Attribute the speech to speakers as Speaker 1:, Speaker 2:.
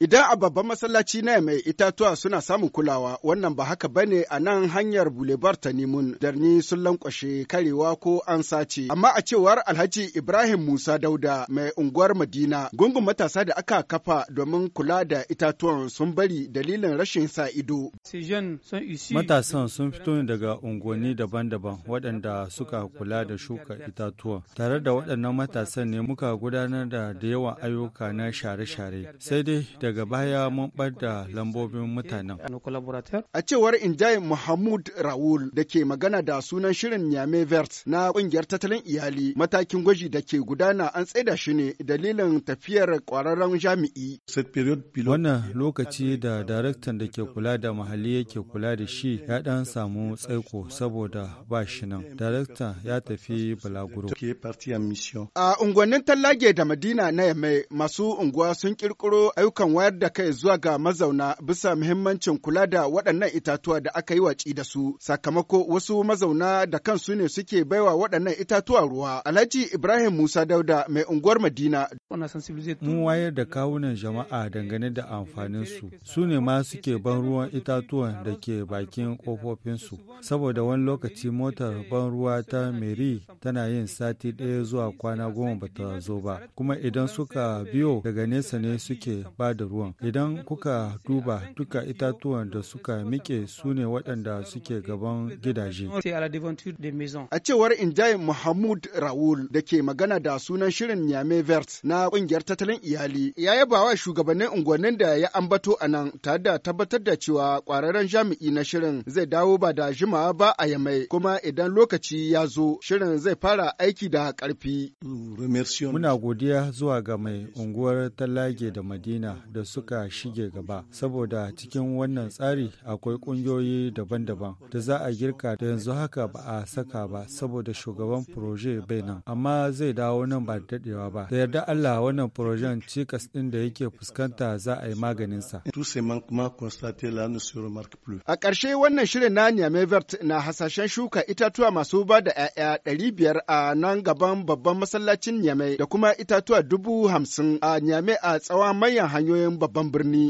Speaker 1: Idan a babban masallaci na mai itatuwa suna samun kulawa wannan ba haka ba ne a nan hanyar bulebar ta Nimun darni sun lankwashe karewa ko an sace. Amma a cewar Alhaji Ibrahim Musa Dauda mai unguwar Madina gungun matasa da aka kafa domin kula da itatuwan sun bari dalilin rashin sa ido.
Speaker 2: Matasan sun fito ne daga unguwanni daban-daban waɗanda suka kula da shuka itatuwa. Tare da waɗannan matasan ne muka gudanar da da yawan ayyuka na share-share. Sai dai daga baya mun da lambobin mutanen.
Speaker 1: A cewar Injai mahmud Raul da ke magana da sunan shirin Nyame Vert na ƙungiyar tattalin iyali matakin gwaji da ke gudana an tsaida shi ne dalilin tafiyar ƙwararren jami'i.
Speaker 2: Wannan lokaci da daraktan da ke kula da mahalli yake kula da shi ya ɗan samu tsaiko saboda ba shi nan. Daraktan ya tafi balaguro.
Speaker 1: A unguwannin Tallage da Madina na Yamai masu unguwa sun ƙirƙiro ayyukan wayar da kai zuwa ga mazauna bisa muhimmancin kula da waɗannan itatuwa da aka yi watsi da su sakamako wasu mazauna da kansu ne suke baiwa waɗannan itatuwa ruwa alhaji ibrahim musa dauda mai unguwar madina
Speaker 2: mun wayar da kawunan jama'a dangane da amfanin su su ne ma suke ban ruwan itatuwan da ke bakin su saboda wani lokaci motar ban ruwa ta meri tana yin sati ɗaya zuwa kwana goma bata zo ba kuma idan suka biyo daga nesa ne suke ba da da ruwan idan kuka duba duka itatuwan da suka mike su ne waɗanda suke
Speaker 1: gaban gidaje a cewar injai muhammad raul da ke magana da sunan shirin nyame vert na ƙungiyar tattalin iyali ya yaba wa shugabannin unguwannin da ya ambato a nan tare da tabbatar da cewa ƙwararren jami'i na shirin zai dawo ba da jimawa ba a yamai kuma idan lokaci ya zo shirin zai fara aiki da ƙarfi
Speaker 2: muna godiya zuwa ga mai unguwar talage da madina da suka shige gaba saboda cikin wannan tsari akwai kungiyoyi daban-daban da za a girka da yanzu haka ba a saka ba saboda shugaban proje bai nan amma zai dawo nan ba da dadewa ba da yarda Allah wannan projen cikas din da yake fuskanta za a yi maganin sa
Speaker 1: A ƙarshe wannan shirin na Niamevert na hasashen shuka itatuwa masu ba da 'ya'ya ɗari biyar a nan gaban babban masallacin Niamey da kuma itatuwa dubu hamsin a Niamey a tsawon manyan hanyoyin kewayen babban
Speaker 2: birni